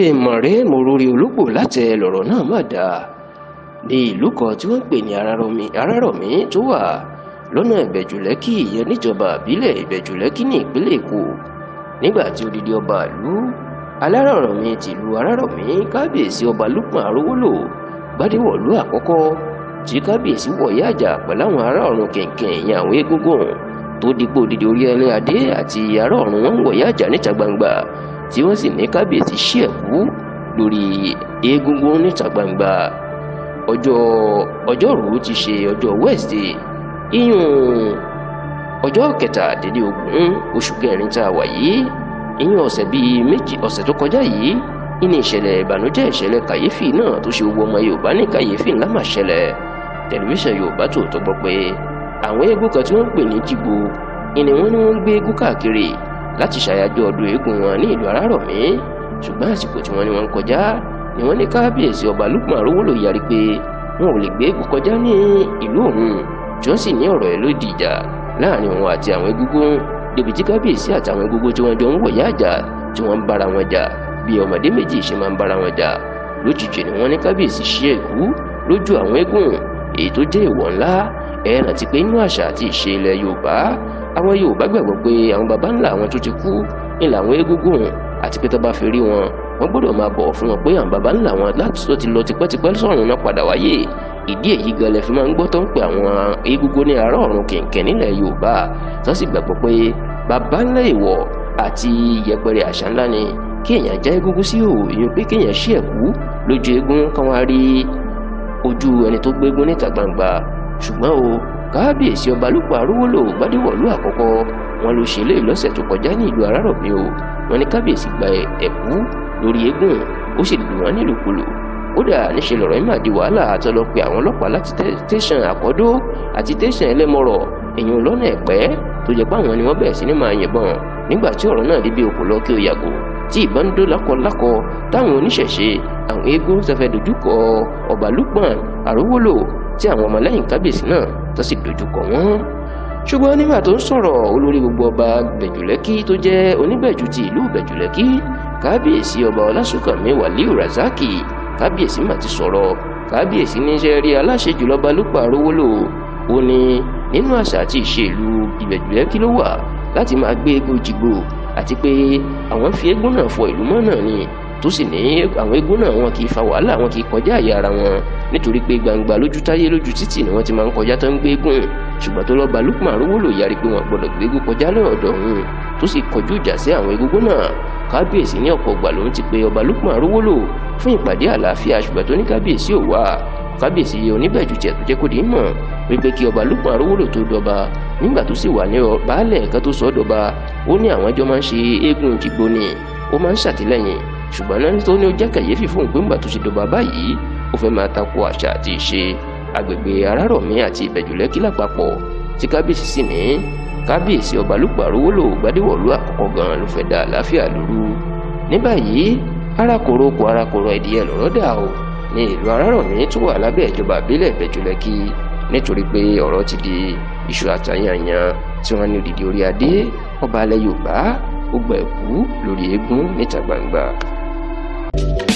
èèmọ̀ rẹ̀ mo rori ológbò láti lọ̀rọ̀ náà má dáa ní ìlú kan tí wọ́n ń pè ní arárọ̀mí tó wà lọ́nà ìbẹ̀jùlẹ́kì ìyẹn níjọba ìbílẹ̀ ìbẹ̀jùlẹ́kì ní ìpínlẹ̀ èkó nígbà tí odidi ọba ìlú alárọ̀mí tìlú arárọ̀mí kábíyèsí ọba lukman arówólò gbadéwọ̀lú àkọ́kọ́ tí kábíyèsí wọ̀yí àjà pẹ̀láwọn ará ọ̀run kẹ̀kẹ́ ìyẹn àwọn egungun tó dípò odidi orí ẹlẹ́ adé àti ará ọ̀run wọn wọ̀yí àjà níta gbangba tí wọ́n sì ní kábíyèsí sí ẹ̀kú lórí egungun níta gbangba ọjọ́ ọjọ́rú ti ṣe ọjọ́ wednesday iyùn ọjọ́ kẹtàdínlógún oṣù kẹrin tá a wà yìí iyùn ọ̀sẹ̀ bíi méjì ọ̀sẹ̀ tó kọjá yìí ìní ìṣẹ̀lẹ̀ ìbànújẹ́ ìṣẹ̀lẹ̀ kàyéfì náà tó ṣe owó ọmọ yorùbá ní kàyéfì ńlá máa ṣẹlẹ̀ tẹlifíṣàn yorùbá Tòótọ́ gbọ́ pé àwọn eégún kan tí wọ́n ń pè ní jígo ìní wọn ni wọ́n ń gbé eégún káàkiri láti ṣàyájọ́ ọdún eégún wọn ní ìlú Arárọ̀mí ṣùgbọ́n àsìkò tí wọ́n ní wọ́n kọjá ni wọ́n ní kábíyèsí ọba Lukman Arówólò yarí pé wọn ò lè gbé eégún kọjá ní ìlú òun tí wọ́n sì ní ọ̀rọ̀ ẹ̀ lódì ìjà láàrin òun àti àwọn egúngún débi tí kábíyèsí àtàwọn egúngún tí wọ́n jọ ń wọ̀yá àjà tí wọ́n ń bára wọn jà bí ọmọdé méjì ṣe máa ń bára wọn jà lójijì ni wọ́n ní kábíyèsí ṣe èkú lójú àwọn eégún èyí tó jẹ́ ìwọ̀ ńlá ẹ rántí pé inú àṣà àti ìṣe ilẹ̀ Yorùbá àwọn Yorùbá gbàgbọ́ pé àwọn baba ńlá àwọn tó ti kú ni làwọn eégúngún àti pé tó bá fi rí wọn wọ́n gbọ́dọ̀ máa bọ̀ fún wọn pé àwọn baba ńlá wọn láti tó ti lọ tipẹ́tipẹ́ sọ̀run náà padà wáyé ìdí èyí gan lẹ fi máa ń gbọ́ tó ń pe àwọn eégúngún ní ará ọ̀run kẹ̀kẹ́ nílẹ̀ Yorùbá tó sì gbàgbọ́ pé baba ńlá èèwọ̀ àti yẹpẹrẹ àṣà ńlá ni kí èèyàn já egungun sí òwò ìyún pé kéèyàn ṣí ẹ̀kú lójú eégún kan wá rí ojú ẹni tó gbégún níta gbangba ṣùgbọ́n o kábíyèsí ọba lúpọ arúgbólò gbadéwọlú àkọ́kọ́ wọn ló ṣe léyìí lọ́sẹ̀ tó kọjá ní ìlú arárọ̀mí o wọn ní kábíyèsí gba ẹ̀kú lórí eégún ó sì lù wọn nílùkulù kódà níṣe lọ̀rọ̀ yìí máa di wàhálà àtọlọ pé àwọn ọlọ́pàá láti tẹsán àkọdó àti tẹsán ẹlẹ́mọ̀rọ̀ èèyàn lọ́nà ẹ̀pẹ́ tó jẹ́ pé àwọn ni wọ́n bẹ̀rẹ̀ sí ní máa yìnbọn nígbà tí ọ̀rọ̀ náà débi òkú lọ kí o yàgò tí ìbọn ń dó lákọlákọ táwọn oníṣẹ̀ṣe àwọn eégún sọfẹ dojúkọ ọbalúpọn àrówólò tí àwọn ọmọlẹ́yìn kábíyèsí náà tó sì dojúkọ wọn ṣùgbọ́n nígbà tó ń sọ̀rọ̀ olórí gbogbo ọba gbẹ̀jùlẹ́kì tó jẹ́ onígbẹ̀jù ti ìlú gbẹ̀jùlẹ́kì kábíyèsí ọba ọlásùnkànmí wàlíù razaki kábíyèsí mà ti sọ̀rọ̀ kábíyèsí níṣẹ́ rí aláṣẹ jùlọ balùpà rówó lò ó ní nínú àṣà àti ìṣe ìlú gbẹ̀jùlẹ́kì ló wà láti máa gbé egbò jìgbò àti pé àwọn fi eégún náà fọ ìlú mọ́ náà ni tó sì ní àwọn eégún náà wọn kì í fa wàhálà wọn kì í kọjá àyè ara wọn nítorí pé gbangba lójú táyé lójú títì ni wọ́n ti máa ń kọjá tó ń gbégún ṣùgbọ́n tó lọ́ọ́ ba Lukman Arówólò yarí pé wọ́n gbọ́dọ̀ gbégún kọjá lọ́dọ̀ òun tó sì kọjú ìjà sí àwọn egungun náà kábíyèsí ní ọ̀pọ̀ ìgbà lòun ti pe ọba Lukman Arówólò fún ìpàdé àlàáfíà ṣùgbọ́n tó ní kábíyèsí ò wá kábíyèsí oníbẹ̀jú tiẹ̀ tó jẹ́ kó di mọ̀ wípé kí ọba Lukman Arówólò tó dọba nígbà tó sì wà ní baálẹ̀ kan tó sọ dọba ó ní àwọn ẹjọ́ máa ń ṣe eégún jìgbóni ó máa ń ṣàtìlẹ́yìn ṣùgbọ́n náà tó ní ó jẹ́ kẹ̀yéfì fún òpin ìgbà tó ṣe dọ̀bà báyìí ó fẹ́ máa tako àṣà àti ìṣe agbègbè arárọ̀mí àti ìbẹ̀jùlẹ́kí lápapọ̀ tí kábíyèsí sì ní kábíyèsí ọba lùpàrọwọlò gbadéwọlú àkọ́kọ́ gan ló fẹ́ da àlàáfíà lóru ní báyìí arákòrò kò arákòrò ẹdìyẹ lọ́rọ̀ dà o ní ìlú arárọ̀mí tó wà lábẹ́ ìjọba àbílẹ̀ ìbẹ̀jùlẹ́kí nítorí pé ọ̀rọ̀ ti di iṣu àtàyànyàn tí wọ́n ní òdìdí orí adé ọba alẹ́ yorùbá ó gba ẹ̀kú lórí eégún níta gbangba Thank you.